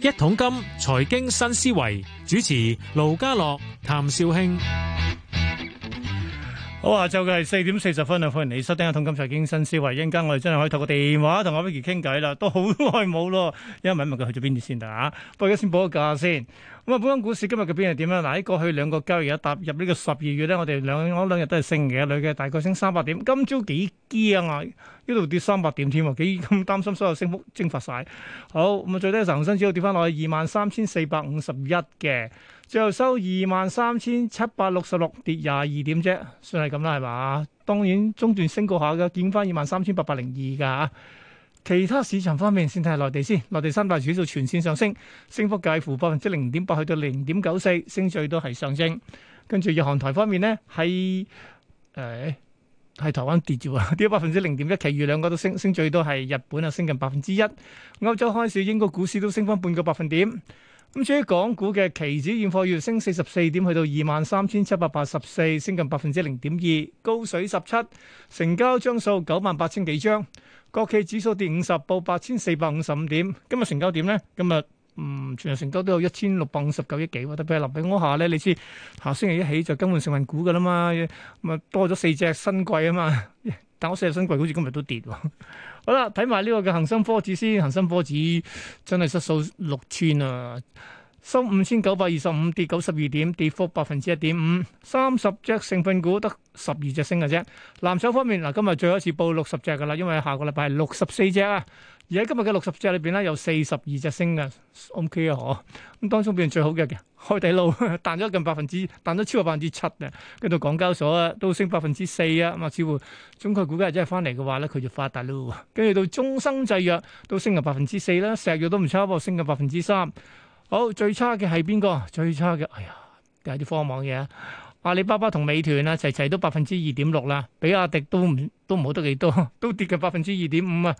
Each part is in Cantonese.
一桶金財經新思維，主持盧家樂、譚紹興。好、哦，就是，下晝嘅係四點四十分啊！歡迎你收聽《一桶金財經新思維》，一陣間我哋真係可以透過電話同阿 Vicky 傾偈啦，都好耐冇咯，一陣問問佢去咗邊啲先啊！不過而家先補個價先。咁啊，本港股市今日嘅表現點樣嗱，喺過去兩個交易日踏入呢個十二月咧，我哋兩兩日都係升嘅，女嘅，大概升三百點。今朝幾驚啊？呢度跌三百點添，幾咁擔心所有升幅蒸發晒。好，咁啊，最低時候恒生指數跌翻落去二萬三千四百五十一嘅。最後收二萬三千七百六十六，跌廿二點啫，算係咁啦，係嘛？當然中段升過下嘅，見翻二萬三千八百零二噶。其他市場方面，先睇下內地先。內地三大指數全線上升，升幅介乎百分之零點八去到零點九四，升最多係上升。跟住日韓台方面呢，喺誒喺台灣跌咗，跌咗百分之零點一，其餘兩個都升，升最多係日本啊，升近百分之一。歐洲開市，英國股市都升翻半個百分點。咁至於港股嘅期指現貨，月升四十四點，去到二萬三千七百八十四，升近百分之零點二，高水十七，成交張數九萬八千幾張。國企指數跌五十，報八千四百五十五點。今日成交點咧？今日嗯，全日成交都有一千六百五十九億幾喎。特別係立鼎安下咧，你知下星期一起就更換成分股噶啦嘛，咁啊多咗四隻新貴啊嘛。但我四日新貴好似今日都跌喎。 好啦，睇埋呢個嘅恒生科指先，恒生科指真係失守六千啊，收五千九百二十五，跌九十二點，跌幅百分之一點五。三十隻成分股得十二隻升嘅啫。藍籌方面，嗱今日最後一次報六十隻噶啦，因為下個禮拜係六十四隻啊。而喺今日嘅六十隻裏邊咧，有四十二隻升嘅，OK 啊，嗬！咁當中變最好嘅嘅，海底撈彈咗近百分之，彈咗超過百分之七咧。跟住到港交所啊，都升百分之四啊，咁啊似乎中概股價真係翻嚟嘅話咧，佢就發達啦喎。跟住到中生製藥都升咗百分之四啦，石藥都唔差喎，升咗百分之三。好，最差嘅係邊個？最差嘅，哎呀，跌一啲荒謬嘢。阿里巴巴同美團啊，齊齊都百分之二點六啦。比亞迪都唔都唔好得幾多，都跌近百分之二點五啊。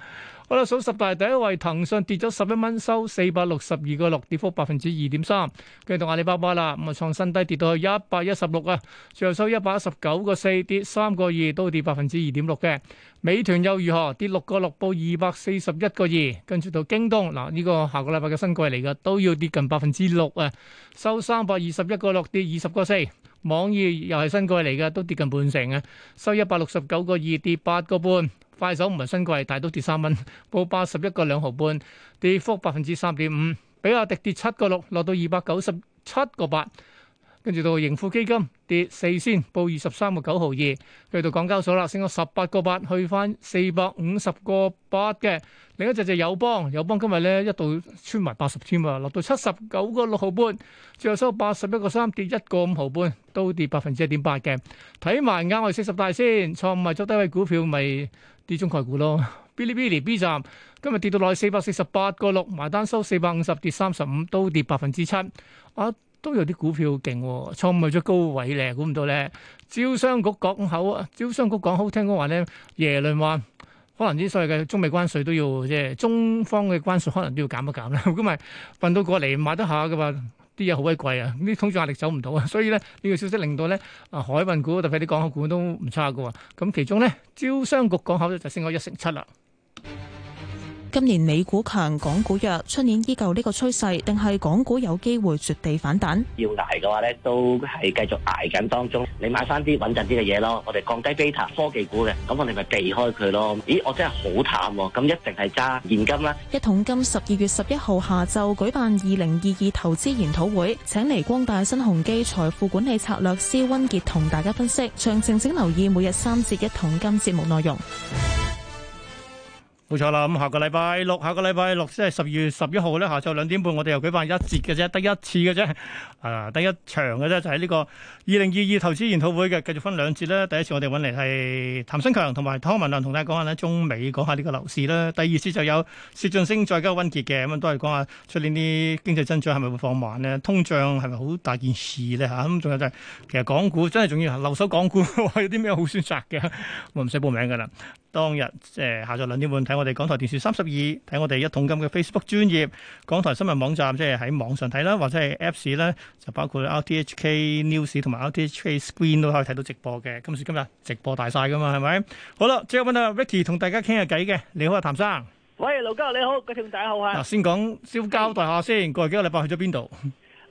好啦，數十大第一位騰訊跌咗十一蚊，收四百六十二個六，跌幅百分之二點三。跟住到阿里巴巴啦，咁啊創新低，跌到去一百一十六啊，最後收一百一十九個四，跌三個二，都跌百分之二點六嘅。美團又如何？跌六個六，報二百四十一個二。跟住到京東嗱，呢、這個下個禮拜嘅新季嚟嘅都要跌近百分之六啊，收三百二十一個六，跌二十個四。網易又係新貴嚟嘅，都跌近半成嘅，收一百六十九個二，跌八個半。快手唔係新貴，但係都跌三蚊，報八十一個兩毫半，跌幅百分之三點五。比亞迪跌七個六，落到二百九十七個八。跟住到盈富基金跌四仙，報二十三個九毫二。去到港交所啦，升咗十八個八，去翻四百五十個八嘅。另一隻就友邦，友邦今日咧一度穿埋八十添啊，落到七十九個六毫半，最後收八十一個三，跌一個五毫半，都跌百分之一點八嘅。睇埋額外四十大先，錯誤係做低位股票咪跌中概股咯。Bilibili B 站今日跌到落去四百四十八個六，埋單收四百五十，跌三十五，都跌百分之七。啊！都有啲股票勁喎、哦，創咗高位咧，估唔到咧。招商局港口啊，招商局港口聽講話咧，耶倫話可能啲所謂嘅中美關稅都要即係中方嘅關稅，可能都要減一減啦。如果運到過嚟買得下嘅話，啲嘢好鬼貴啊，啲通脹壓力走唔到啊。所以咧呢、呢個消息令到咧啊海運股，特別啲港口股都唔差㗎喎。咁其中咧招商局港口就升咗一成七啦。今年美股強，港股弱，出年依舊呢個趨勢，定係港股有機會絕地反彈？要挨嘅話呢都係繼續挨緊當中。你買翻啲穩陣啲嘅嘢咯。我哋降低 beta 科技股嘅，咁我哋咪避開佢咯。咦，我真係好淡，啊，咁一定係揸現金啦。一桶金十二月十一號下晝舉辦二零二二投資研討會，請嚟光大新鴻基財富管理策略師溫傑同大家分析。詳情請留意每日三節一桶金節目內容。冇錯啦，咁下個禮拜六，下個禮拜六即係十二月十一號咧，下晝兩點半，我哋又舉辦一節嘅啫，得一次嘅啫，誒、啊，得一場嘅啫，就喺、是、呢個二零二二投資研討會嘅。繼續分兩節啦。第一次我哋揾嚟係譚新強同埋湯文亮同大家講下呢中美，講下呢個樓市啦。第二次就有薛俊升再加温傑嘅，咁、嗯、樣都係講下出年啲經濟增長係咪會放慢咧？通脹係咪好大件事咧嚇？咁、嗯、仲有就係、是、其實港股真係仲要，留守港股 有啲咩好選擇嘅？我唔使報名㗎啦。當日即係下晝兩點半睇我哋港台電視三十二，睇我哋一桶金嘅 Facebook 專頁港台新聞網站，即係喺網上睇啦，或者係 Apps 咧，就包括 RTHK News 同埋 RTHK Screen 都可以睇到直播嘅。今時今日直播大曬噶嘛，係咪？好啦，最後問下 Ricky 同大家傾下偈嘅。你好啊，譚生。喂，盧嘉，你好，大家好啊。嗱，先講先交代下先，過嚟幾個禮拜去咗邊度？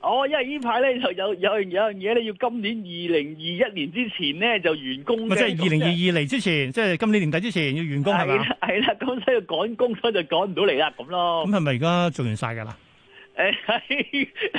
哦，因為呢排咧就有有樣有樣嘢咧，要今年二零二一年之前咧就完工嘅。即係二零二二嚟，之前，即係今年年底之前要完工係咪？係啦，咁所以趕工，所以就趕唔到嚟啦，咁咯。咁係咪而家做完晒噶啦？誒，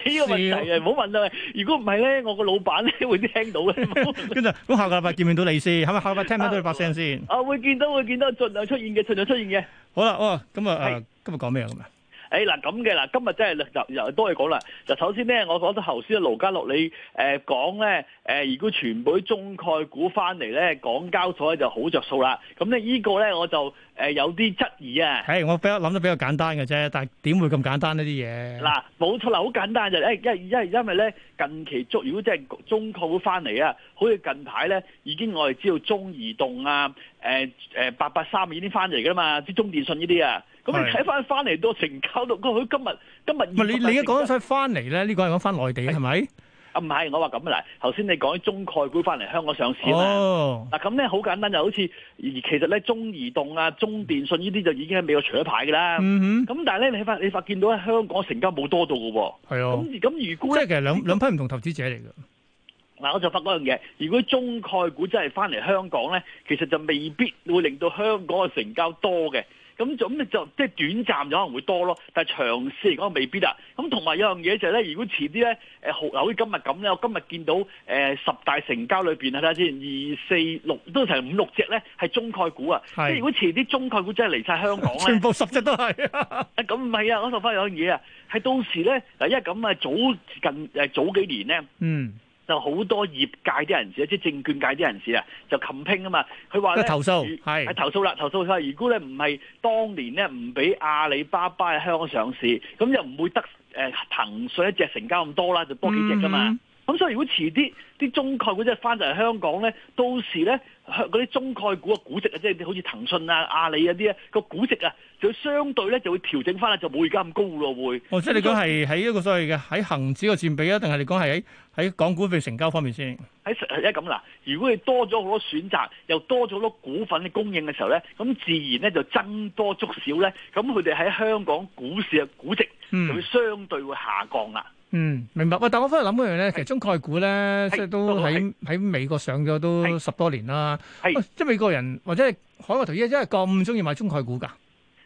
呢個問題啊，唔好問啦。如果唔係咧，我個老闆咧會聽到嘅。跟住，咁下個禮拜見唔見到你先，係咪？下個禮拜聽唔聽到你把聲先？啊，會見到會見到，盡量出現嘅，盡量出現嘅。好啦，哦，咁啊，今日講咩啊？咁啊？誒嗱，咁嘅啦，今日真係又多嘢講啦。就首先咧，我覺得頭先啊，盧家樂你誒講咧誒，如果全部啲中概股翻嚟咧，港交所咧就好着數啦。咁咧，呢個咧我就誒、呃、有啲質疑啊。係、哎，我比較諗得比較簡單嘅啫，但係點會咁簡單呢啲嘢？嗱，冇錯啦，好簡單，就因因因為咧近期捉，如果真係中概股翻嚟啊，好似近排咧已經我哋知道中移動啊、誒誒八八三已經翻嚟噶啦嘛，啲中電信呢啲啊。咁你睇翻翻嚟到成交到佢今日今日唔係你你而家講緊翻嚟咧？呢、呢個係講翻內地係咪，哎？啊唔係，我話咁啊，嗱，頭先你講啲中概股翻嚟香港上市啦。嗱咁咧，好、啊、簡單，就好似而其實咧，中移動啊、中電信呢啲就已經喺美國除咗牌噶啦。咁、嗯、但係咧，你睇你發見到香港成交冇多到㗎喎。係啊。咁咁如果即係其實兩,兩批唔同投資者嚟㗎。嗱、啊，我就發嗰樣嘢，如果中概股真係翻嚟香港咧，其實就未必會令到香港嘅成交多嘅。咁就咁就即係短暫就可能會多咯，但係長線嚟講未必啦。咁同埋有樣嘢就係咧，如果遲啲咧，誒好好似今日咁咧，我今日見到誒十大成交裏邊睇下先，二四六都成五六隻咧係中概股啊，即係如果遲啲中概股真係嚟晒香港啊， 全部十隻都係 啊！咁唔係啊，我頭返有樣嘢啊，係到時咧嗱，因為咁啊，早近誒早幾年咧。嗯就好多業界啲人士，即係證券界啲人士啊，就冚拼啊嘛。佢話咧投訴係投訴啦，投訴佢話如果咧唔係當年咧唔俾阿里巴巴喺香港上市，咁又唔會得誒騰訊一隻成交咁多啦，就多幾隻噶嘛。嗯咁、嗯、所以如果遲啲啲中概股即係翻到嚟香港咧，到時咧香嗰啲中概股嘅估值啊，即係好似騰訊啊、阿里嗰啲啊個估值啊，就相對咧就會調整翻咧，就冇而家咁高咯，會。哦，即係你講係喺一個所謂嘅喺恒指嘅佔比啊，定係你講係喺喺港股嘅成交方面先？喺係一咁，嗱，如果你多咗好多選擇，又多咗好多股份嘅供應嘅時候咧，咁自然咧就增多足少咧，咁佢哋喺香港股市嘅估值就會相對會下降啦。嗯。嗯，明白。喂，但我翻去諗一樣咧，其實中概股咧，即係都喺喺美國上咗都十多年啦、啊啊。即係美國人或者係海外投資者，真係咁中意買中概股噶？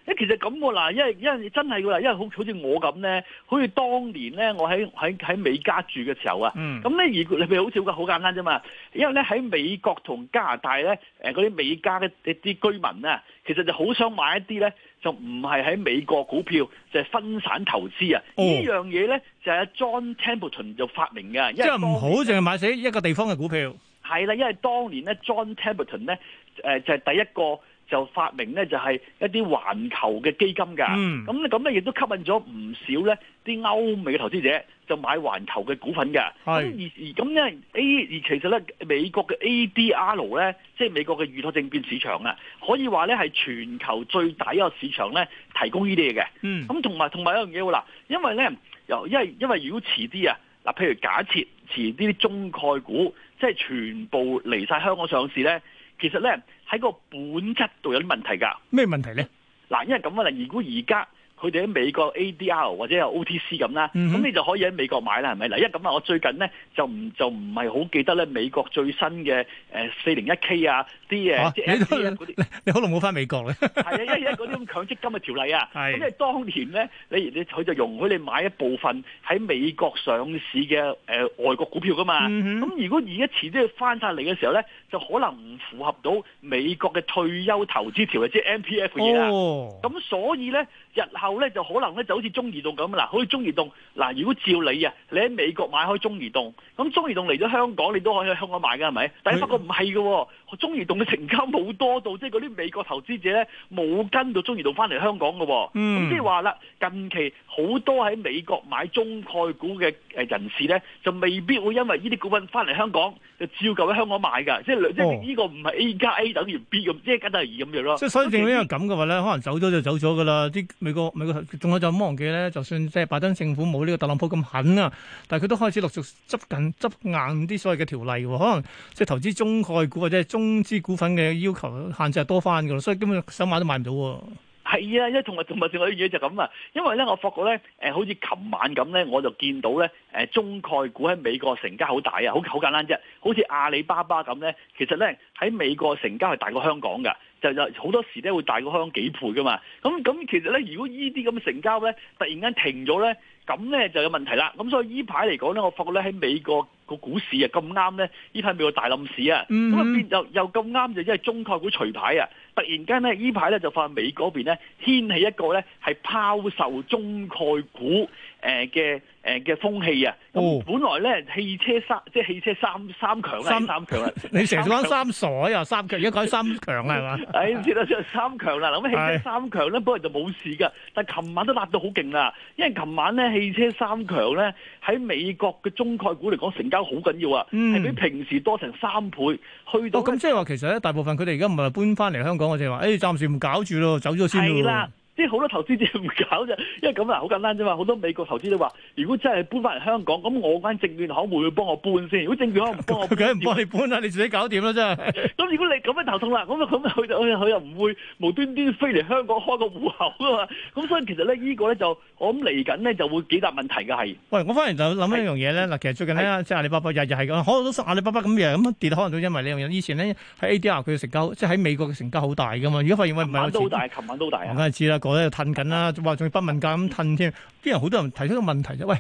誒，其實咁喎，嗱，因為因為真係噶啦，因為好好似我咁咧，好似當年咧，我喺喺喺美加住嘅時候啊，咁、嗯、咧而你咪好少個好簡單啫嘛。因為咧喺美國同加拿大咧，誒嗰啲美加嘅一啲居民啊，其實就好想買一啲咧，就唔係喺美國股票，就係、分散投資啊。呢、哦、樣嘢咧就係 John Templeton 就發明嘅，即係唔好淨係買死一個地方嘅股票。係啦，因為當年咧 John Templeton 咧，誒就係、是、第一個。就發明呢，就係一啲環球嘅基金㗎。嗯，咁咧，咁咧亦都吸引咗唔少呢啲歐美嘅投資者，就買環球嘅股份嘅。係。咁而 A 而其實呢，美國嘅 ADR 咧，即係美國嘅預託證券市場啊，可以話呢係全球最大一個市場呢提供呢啲嘢嘅。嗯。咁同埋同埋一樣嘢好啦，因為呢，由因為因為如果遲啲啊，嗱，譬如假設遲啲啲中概股即係全部離晒香港上市呢，其實呢。喺個本質度有啲問題噶，咩問題咧？嗱，因為咁啊，如果而家佢哋喺美國 ADR 或者有 OTC 咁啦，咁、嗯、你就可以喺美國買啦，係咪？嗱，因為咁啊，我最近咧就唔就唔係好記得咧美國最新嘅誒四零一 K 啊。啲嘢、啊、即係 MPF 啲，你好耐冇翻美國咧。係啊，因為嗰啲咁強積金嘅條例啊，咁即係當年咧，你你佢就容許你買一部分喺美國上市嘅、呃、外國股票噶嘛。咁、嗯、如果而家次都要翻晒嚟嘅時候咧，就可能唔符合到美國嘅退休投資條例，即、就、係、是、MPF 嘢啦。咁、哦、所以咧，日後咧就可能咧就好似中移動咁啊，嗱，好似中移動嗱，如果照你啊，你喺美國買開中移動，咁中移動嚟咗香港，你都可以去香港買㗎，係咪？但係不過唔係嘅喎。中移動嘅成交冇多到，即係嗰啲美國投資者咧冇跟到中移動翻嚟香港嘅，咁、嗯、即係話啦，近期好多喺美國買中概股嘅誒人士咧，就未必會因為呢啲股份翻嚟香港就照舊喺香港買㗎，即係、哦、即係呢個唔係 A 加 A 等於 B 咁、哦，即係跟得二咁樣咯。即係所以正、okay. 因為咁嘅話咧，可能走咗就走咗㗎啦。啲美國美國仲有就唔好忘記咧，就算即係拜登政府冇呢個特朗普咁狠啊，但係佢都開始陸續執緊執硬啲所謂嘅條例喎，可能即投資中概股或者中資股份嘅要求限制係多翻噶，所以根本想買都買唔到。係啊的就是這樣，因為同埋同埋仲有啲嘢就咁啊。因為咧，我發覺咧，誒好似琴晚咁咧，我就見到咧，誒中概股喺美國成交好大啊，好好簡單啫。好似阿里巴巴咁咧，其實咧喺美國成交係大過香港噶，就就好多時咧會大過香港幾倍噶嘛。咁咁其實咧，如果依啲咁嘅成交咧，突然間停咗咧，咁咧就有問題啦。咁所以依排嚟講咧，我發覺咧喺美國。個股市啊咁啱咧，呢排咪個大冧市啊，咁、mm、啊 -hmm. 變又又咁啱就因為中概股除牌啊。突然間咧，呢排咧就發美嗰邊咧掀起一個咧係拋售中概股嘅嘅、呃呃、風氣啊！咁、哦、本來咧汽車三即係汽車三三強啊，三啊！你成日講三傻啊， 三強而家改三強啊係嘛？誒，知道三強啦。咁 汽車三強咧本，本來就冇事㗎，但係琴晚都辣到好勁啦。因為琴晚咧汽車三強咧喺美國嘅中概股嚟講成交好緊要啊，係、嗯、比平時多成三倍，去到哦。咁即係話其實咧，大部分佢哋而家唔係搬翻嚟香港。我哋話，誒、欸，暫時唔搞住咯，走咗先咯。即係好多投資者唔搞啫，因為咁啊，好簡單啫嘛。好多美國投資者話：如果真係搬翻嚟香港，咁我間證券行會唔會幫我搬先？如果證券行唔幫我，佢梗係唔幫你搬啦！你自己搞掂啦，真係。咁如果你咁樣頭痛啦，咁咁佢就佢又唔會無端端飛嚟香港開個戶口啊嘛。咁所以其實咧，呢個咧就我諗嚟緊咧就會幾大問題嘅係。喂，我反而就諗一樣嘢咧。嗱，其實最近睇下即係阿里巴巴日日係咁，可能都似阿里巴巴咁樣咁跌，可能都因為呢樣嘢。以前咧喺 ADR 佢成交，即係喺美國嘅成交好大噶嘛。如果發現喂唔係好大，琴晚都大，我梗係知啦。我咧又褪緊啦，話仲要不問價咁褪添，啲人好多人提出個問題啫。喂，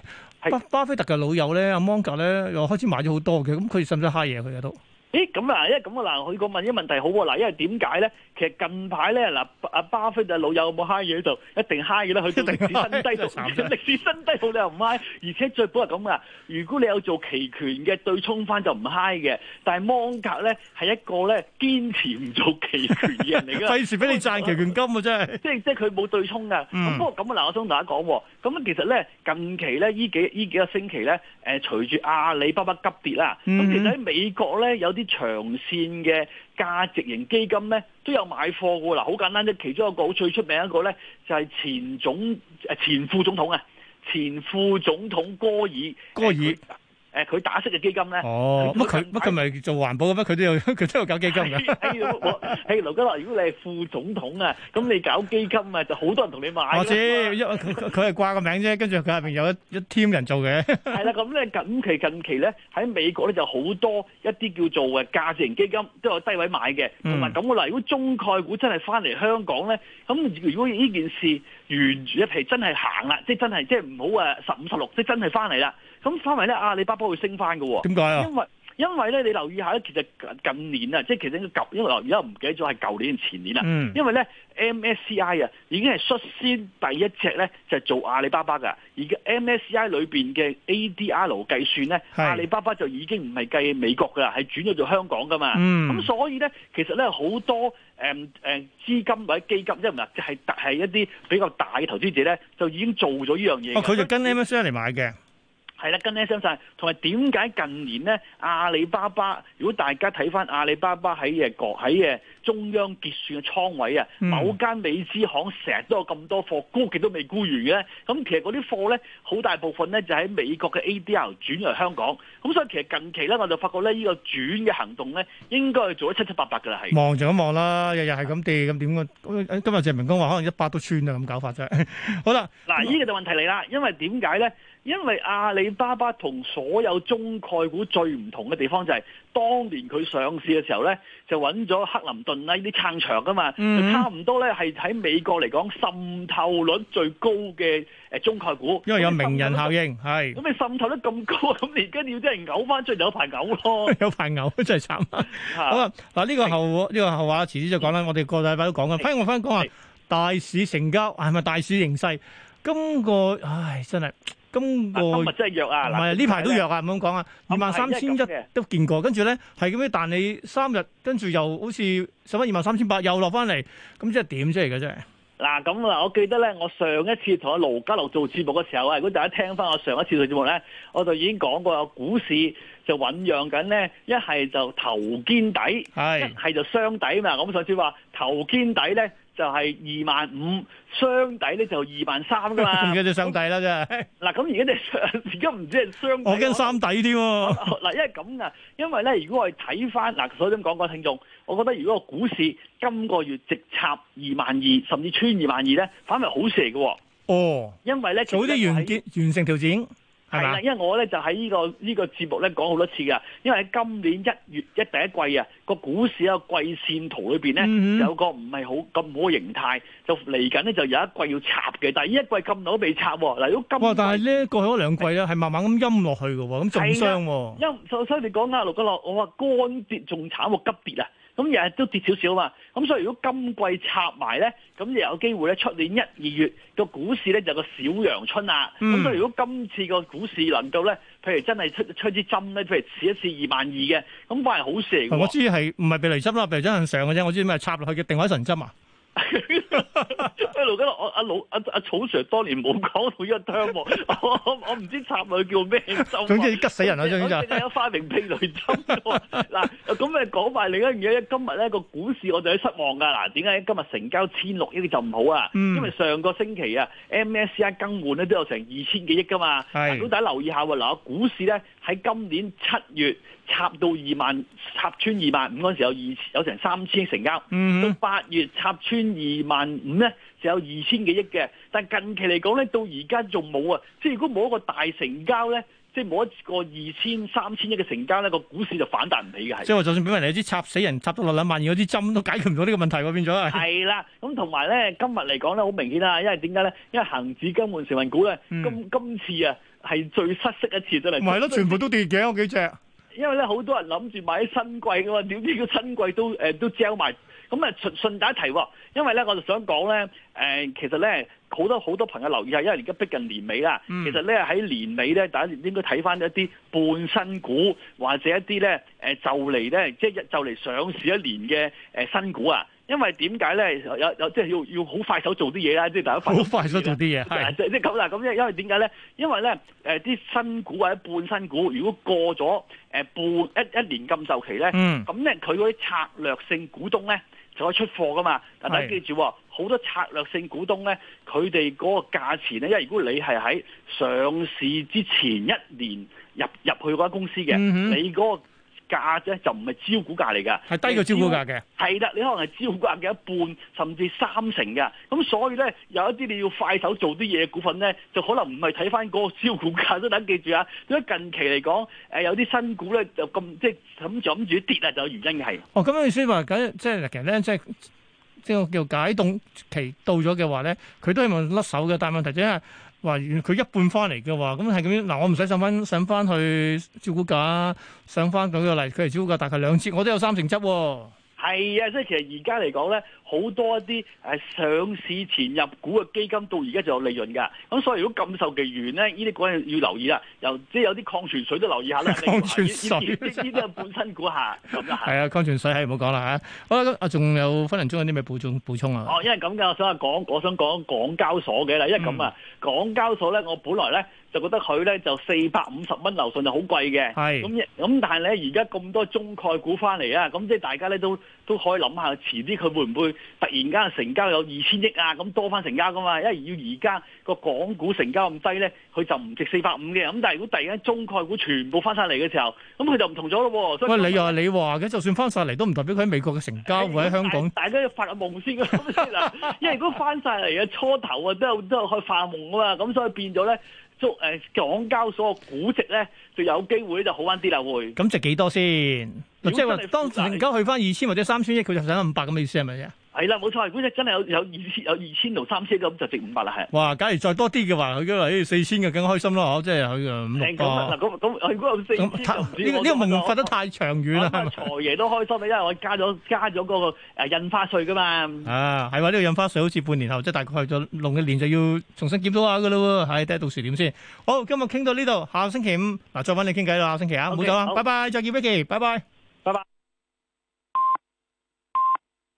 巴巴菲特嘅老友咧，阿芒格咧又開始買咗好多嘅，咁佢使唔使揩嘢佢哋都會會。咦咁啊，因為咁啊嗱，佢個問啲問題好喎，嗱，因為點解咧？其實近排咧，嗱，阿巴菲特老友冇嗨嘢喺度，一定嗨嘅啦。去到歷史新低度， 真 歷史新低度你又唔嗨？而且最本係咁噶，如果你有做期權嘅對沖返就唔嗨嘅。但係芒格咧係一個咧堅持唔做期權嘅人嚟嘅。費事俾你賺期權金啊，啫、 啊，即係即係佢冇對沖㗎。嗯、不過咁啊嗱，我想同大家講，咁啊其實咧近期咧呢幾呢幾個星期咧，誒隨住阿里巴巴急跌啦，咁其實喺美國咧有，啲長綫嘅價值型基金咧，都有買貨噶喎。嗱，好簡單啫，其中一個好最出名一個咧，就係前總誒，前副總統啊，前副總統戈爾。戈爾。誒佢打識嘅基金咧，乜佢乜佢咪做環保嘅咩？佢都有佢都有搞基金嘅。嘿、 哎哎哎，劉吉樂，如果你係副總統啊，咁你搞基金啊， 就好多人同你買。我、哦、知，因為佢係掛個名啫，跟住佢下邊有一一 team 人做嘅。係 啦，咁咧近期近期咧喺美國咧就好多一啲叫做嘅價值型基金都有低位買嘅，同埋咁嘅啦。如果中概股真係翻嚟香港咧，咁如果呢件事完全一係真係行啦，即、嗯、係、就是、真係即唔好誒十五十六，即、就是、真係翻嚟啦。咁反為咧，阿里巴巴會升翻噶，點解啊？因為因為咧，你留意下咧，其實近年啊，即係其實應該舊因為而家唔記得咗係舊年、前年啦。嗯。因為咧，MSCI 啊，已經係率先第一隻咧就係做阿里巴巴噶，而 MSCI 裏邊嘅 ADR 計算咧，阿里巴巴就已經唔係計美國噶啦，係轉咗做香港噶嘛。嗯。咁所以咧，其實咧好多誒誒資金或者基金，即係唔係，係係一啲比較大嘅投資者咧，就已經做咗呢樣嘢。佢、哦、就跟 MSCI 嚟買嘅。係啦，跟呢相信。同埋點解近年咧阿里巴巴？如果大家睇翻阿里巴巴喺嘅國喺嘅中央結算嘅倉位啊，某間美資行成日都有咁多貨，沽極都未沽完嘅。咁其實嗰啲貨咧，好大部分咧就喺美國嘅 ADR 轉入香港。咁所以其實近期咧，我就發覺咧，呢個轉嘅行動咧，應該係做咗七七八八噶啦。係望住咁望啦，日日係咁地咁點個？今日謝明光話可能一百都穿啦，咁搞法啫。 好啦，嗱、啊，呢、嗯呢個就問題嚟啦，因為點解咧？因為阿里巴巴同所有中概股最唔同嘅地方就係當年佢上市嘅時候咧，就揾咗克林頓啦，呢啲撐場噶嘛，就差唔多咧係喺美國嚟講滲透率最高嘅誒中概股，因為有名人效應係。咁你滲透得咁高，咁你而家要啲人嘔翻出嚟，有排嘔咯，有排嘔真係慘。好啦，嗱，呢個後呢個後話遲啲就講啦，我哋個禮拜都講啊，翻我翻講啊，大市成交係咪大市形勢？今個唉真係。中國今日真係弱啊，唔係呢排都弱啊，咁講啊，二萬三千一都見過，跟住咧係咁樣，但你三日跟住又好似上翻二萬三千八，又落翻嚟，咁即係點啫？而家啫，嗱咁嗱，我記得咧，我上一次同阿盧嘉樂做節目嘅時候啊，如果大家聽翻我上一次做節目咧，我就已經講過，股市就醖釀緊咧，一係就頭肩底，一係就雙底啊嘛，咁上次話頭肩底咧。就係二萬五，雙底咧就二萬三噶嘛，唔 記得咗上底啦啫。嗱，咁而家你而家唔知係雙底，我驚三底添喎。嗱， 因為咁啊，因為咧，如果我哋睇翻嗱，所講講個聽眾，我覺得如果個股市今個月直插二萬二，甚至穿二萬二咧，反而好射嘅。哦，因為咧早啲完結完成調整。係啦，因為我咧就喺呢個呢個節目咧講好多次噶，因為喺今年一月一第一季啊，個股市啊季線圖裡邊咧有個唔係好咁好嘅形態，就嚟緊咧就有一季要插嘅，但係呢一季咁耐都未插。嗱如果今，哇！但係呢過去兩季咧係慢慢咁陰落去喎，咁仲傷，陰所以你講阿六哥落，我話乾跌仲慘，急跌啊！咁日日都跌少少啊嘛，咁所以如果今季插埋咧，咁就有機會咧出年一二月個股市咧就有個小陽春啊！咁所以如果今次個股市能夠咧，譬如真係出出支針咧，譬如試一試二萬二嘅，咁反係好事嚟。我知係唔係避雷針啦，避雷針向上嘅啫。我知咪插落去叫定海神針啊！一路一路，我阿老阿阿草 Sir 當年冇講到一槍望，我我我唔知插落去叫咩針，啊。總之急死人啦，啊！我知你有發明避雷針。嗱，咁咪講埋另一樣嘢，今日咧個股市我哋好失望噶。嗱，點解今日成交千六億就唔好啊，嗯？因為上個星期啊，MSCI 更換咧都有成二千幾億噶嘛。係，咁大家留意下喎。嗱，股市咧喺今年七月。插到二萬，插穿二萬五嗰陣時候有二有成三千成交，mm -hmm. 到八月插穿二萬五咧，就有二千幾億嘅。但近期嚟講咧，到而家仲冇啊，即係如果冇一個大成交咧，即係冇一個二千三千億嘅成交咧，個股市就反彈唔起嘅。即係我就算俾人哋一支插死人，插到落兩萬二嗰支針都解決唔到呢個問題喎，變咗係。係啦，咁同埋咧，今日嚟講咧，好明顯啦，因為點解咧？因為恒指更換成分股咧、mm -hmm.，今今次啊係最失色一次真係。唔係咯，全部都跌嘅，我幾隻。因為咧好多人諗住買新貴㗎喎，點知個新貴都誒、呃、都焦埋，咁啊順順帶一提喎、啊，因為咧我就想講咧、呃、其實咧好多好多朋友留意一下，因為而家逼近年尾啦、嗯，其實咧喺年尾咧，大家應該睇返一啲半新股或者一啲咧、呃、就嚟咧即係就嚟、是、上市一年嘅新股啊。因為點解咧？有有即係要要好快手做啲嘢啦！即係大家好快，快手做啲嘢，係即係咁啦。咁因因為點解咧？因為咧，誒啲、呃、新股或者半新股，如果過咗、呃、半一一年禁售期咧，咁咧佢嗰啲策略性股東咧，就可以出貨噶嘛。但大家記住，好多策略性股東咧，佢哋嗰個價錢咧，因為如果你係喺上市之前一年入入去嗰間公司嘅、嗯，你嗰、嗰個價咧就唔係招股價嚟㗎，係低過招股價嘅。係啦，你可能係招股價嘅一半甚至三成嘅。咁所以咧，有一啲你要快手做啲嘢嘅股份咧，就可能唔係睇翻個招股價都。等記住啊，因為近期嚟講，誒有啲新股咧就咁即係咁就諗住跌啊，有原因嘅係。哦，咁樣意思話緊即係其實咧，即係即係叫解凍期到咗嘅話咧，佢都希望甩手嘅，但係問題即係。話原佢一半翻嚟嘅話，咁係咁樣嗱，我唔使上翻上翻去招股價上翻舉個例，佢嚟招股價大概兩折，我都有三成七喎、哦。係啊，即係其實而家嚟講咧，好多一啲誒上市前入股嘅基金到而家就有利潤㗎。咁所以如果咁受其完咧，呢啲股要留意啦。又即係有啲礦泉水都留意下啦。礦泉水，依啲啲係半新股下。咁啊係。啊，礦泉水係唔好講啦嚇。好啦，仲有分分鐘有啲咩補充？補充啊？哦，因為咁嘅，我想講，我想講港交所嘅啦，因為咁啊、嗯，港交所咧，我本來咧就覺得佢咧就四百五十蚊流盤就好貴嘅。咁咁，但係咧而家咁多中概股翻嚟啊，咁即係大家咧都。都可以諗下，遲啲佢會唔會突然間成交有二千億啊？咁多翻成交噶嘛？因為要而家個港股成交咁低咧，佢就唔值四百五嘅。咁但係如果突然間中概股全部翻晒嚟嘅時候，咁佢就唔同咗咯。所以喂，你又係你話嘅，就算翻晒嚟都唔代表佢喺美國嘅成交會喺、欸、香港。大家要發下夢先啦， 因為如果翻晒嚟嘅初頭啊，都有都有去發夢噶嘛，咁所以變咗咧。捉誒，港交所嘅估值咧，就有機會就好翻啲啦，會，咁值幾多先？嗱，即係話當成家去翻二千或者三千億，佢就上五百咁嘅意思係咪呀？是係啦，冇錯，如果真係有有二千有二千到三千咁就值五百啦，係。哇，假如再多啲嘅話，佢都係四千嘅，梗開心囉。即係佢五嗱，咁、嗯、佢四千呢、呢個文發得太長遠啦。財、嗯、爺都開心，因為我加咗加咗個個印花稅噶嘛。啊，係話呢個印花稅好似半年後即係、就是、大概去咗農嘅年就要重新檢討下噶咯喎。唉，睇下到時點先。好，今日傾到呢度，下星期五嗱，再揾你傾偈啦。下星期 okay, 啊，唔好走啦，拜拜，再見，Vicky，拜拜。